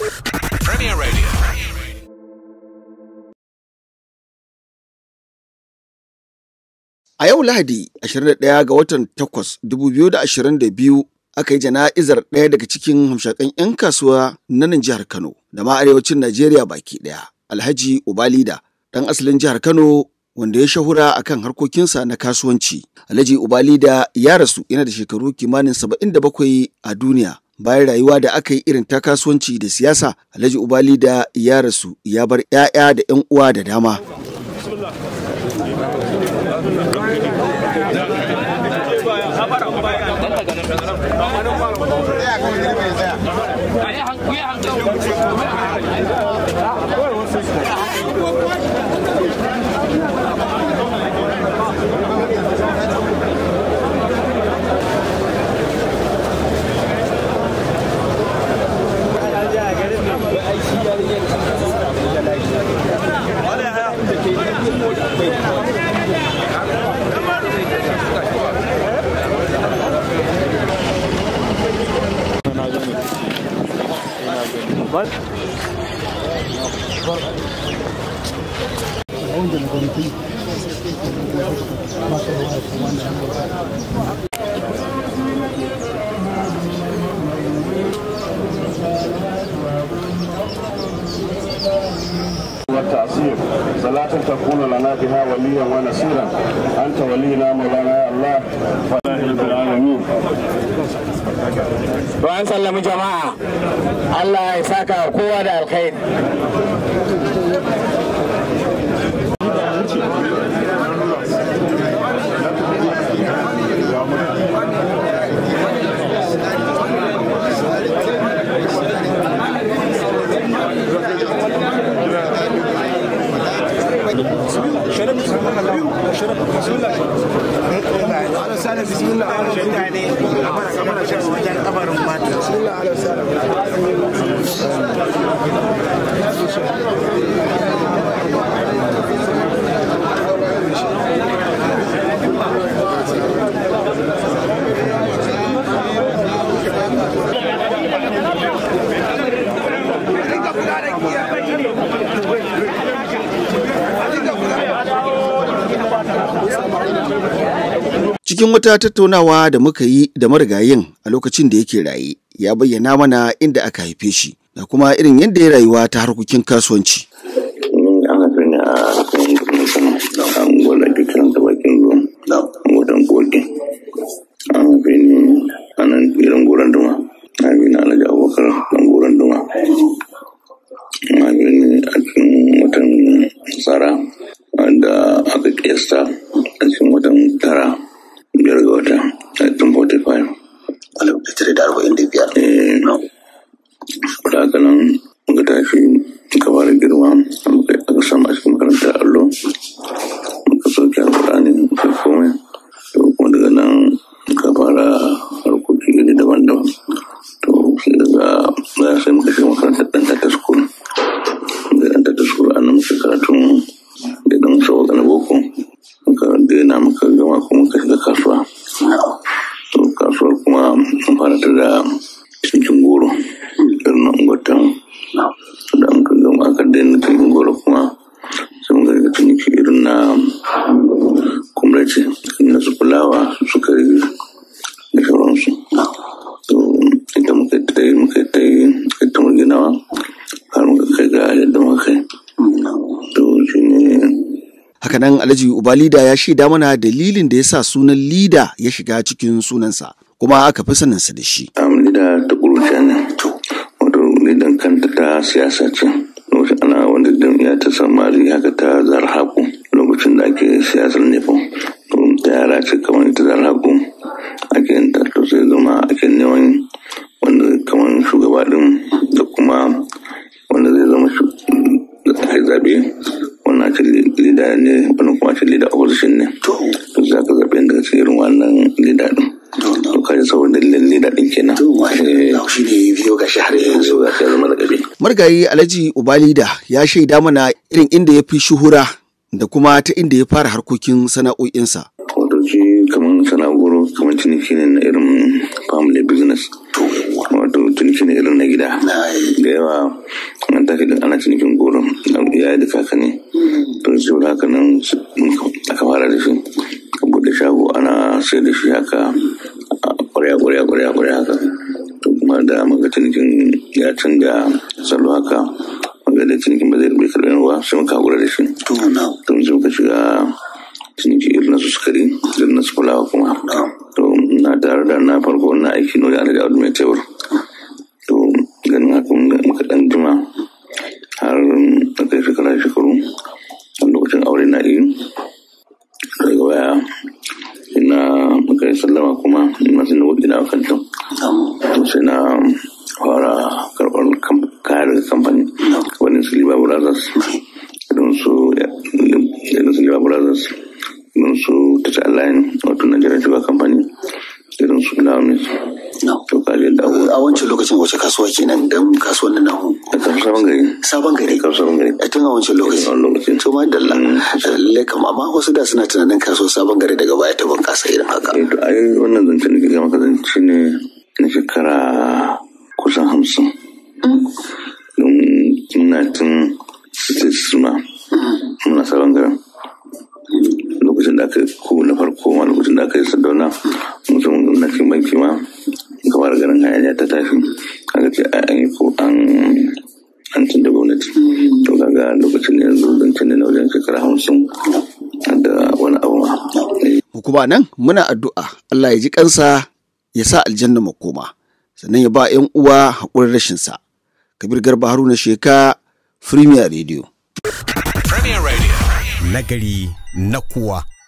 Premier A yau Lahadi 21 ga watan 8 2022 aka yi jana'izar ɗaya daga cikin hamshakan 'yan kasuwa na nan jihar Kano da ma arewacin Najeriya baki ɗaya. Alhaji Ubalida ɗan asalin jihar Kano wanda ya shahura a kan harkokinsa na kasuwanci. Alhaji Ubalida ya rasu yana da shekaru kimanin 77 a duniya. bayan rayuwa da aka yi irin ta kasuwanci da siyasa alhaji ubali da ya rasu ya bar 'ya'ya da 'yan uwa da dama والتعصير صلاة تكون لنا بها وليا ونصيرا أنت ولينا مولانا الله bayan an jama'a allah ya saka kowa da alkhairi salam bismillah mutane a fara kamar shan wajen kabarin mata bismillah ala salam cikin wata tattaunawa da muka yi da marigayin a lokacin da yake raye ya bayyana mana inda aka haife shi da kuma irin yadda ya rayuwa ta harkokin kasuwanci. nan muka tashi muka fara girma muka aka samu a cikin makarantar allo muka sauke alƙur'ani muka komai to kuma daga nan muka fara harkoki iri daban-daban to sai daga za sai muka shiga makarantar ɗan tata school da ɗan tata school a nan muka karatun da ɗan sauka na boko muka daina muka gama kuma muka shiga kasuwa to kasuwar kuma an fara ta da ce na su fulawa suka su da sauransu muka yi ta ginawa kai ga yadda kai hakanan alhaji ubalida ya shaida mana dalilin da ya sa sunan lida ya shiga cikin sunansa kuma aka fi saninsa da shi lida ta kuruciya ne wato lidan kanta ta siyasa ce lokacin ana wanda ya ta samari haka ta zarhaku lokacin da ake siyasar ake ce kamar ta da hagu ake yin ta sai zama ake neman wanda kamar shugaba din da kuma wanda zai zama ake zabe wannan ake lida ne wani kuma ake lida opposition ne to za ka zabe daga cikin irin wannan lida din to kaji saboda dalilin lida din kenan eh. shi ne biyo ga shahar yanzu zama da margayi alhaji ubalida ya shaida mana irin inda ya fi shuhura da kuma ta inda ya fara harkokin sana'o'insa kamar sana'uro kamar ciniki ne na irin family business wato ciniki ne irin na gida da yawa an tashi din ana cinikin goro ya yi da kaka ne mm-hmm. to shi haka nan aka fara da shi a buɗe shago ana sai da shi haka ƙwarya ƙwarya ƙwarya ƙwarya haka to kuma da maka cinikin ya canja salo haka wanda da cinikin ba zai karɓi ruwa sai muka haƙura da shi irin na kulawa kuma to na tare da na farko na aiki nori a daga mai tebur to ganin haka muka dan jima har na kai shekara shekaru a lokacin aure na iya airline wato Nigerian Sugar Company irin su To da Namis. A wancan lokacin wace kasuwa kenan dan kasuwan nan nahu. Sabon gari. Sabon gari. Sabon gari. A tun a wancan lokacin. lokacin. To ma dalla. Mm. Lallai kam amma wasu da suna tunanin kasuwa sabon gari daga baya ta bunƙasa irin haka. Eh to ai wannan zance ne kike maka zance ne na shekara kusan hamsin. Mm. Don ina tun wannan yarinya ta tafi kaga ce an yi ko an an tun da gwamnati to kaga lokacin ne yanzu zancen ne na wajen shekara hamsin da wani abu hukuma nan muna addu'a Allah ya ji kansa ya sa aljanna makoma sannan ya ba 'yan uwa rashin rashinsa kabir garba haruna sheka premier radio premier radio nagari na kuwa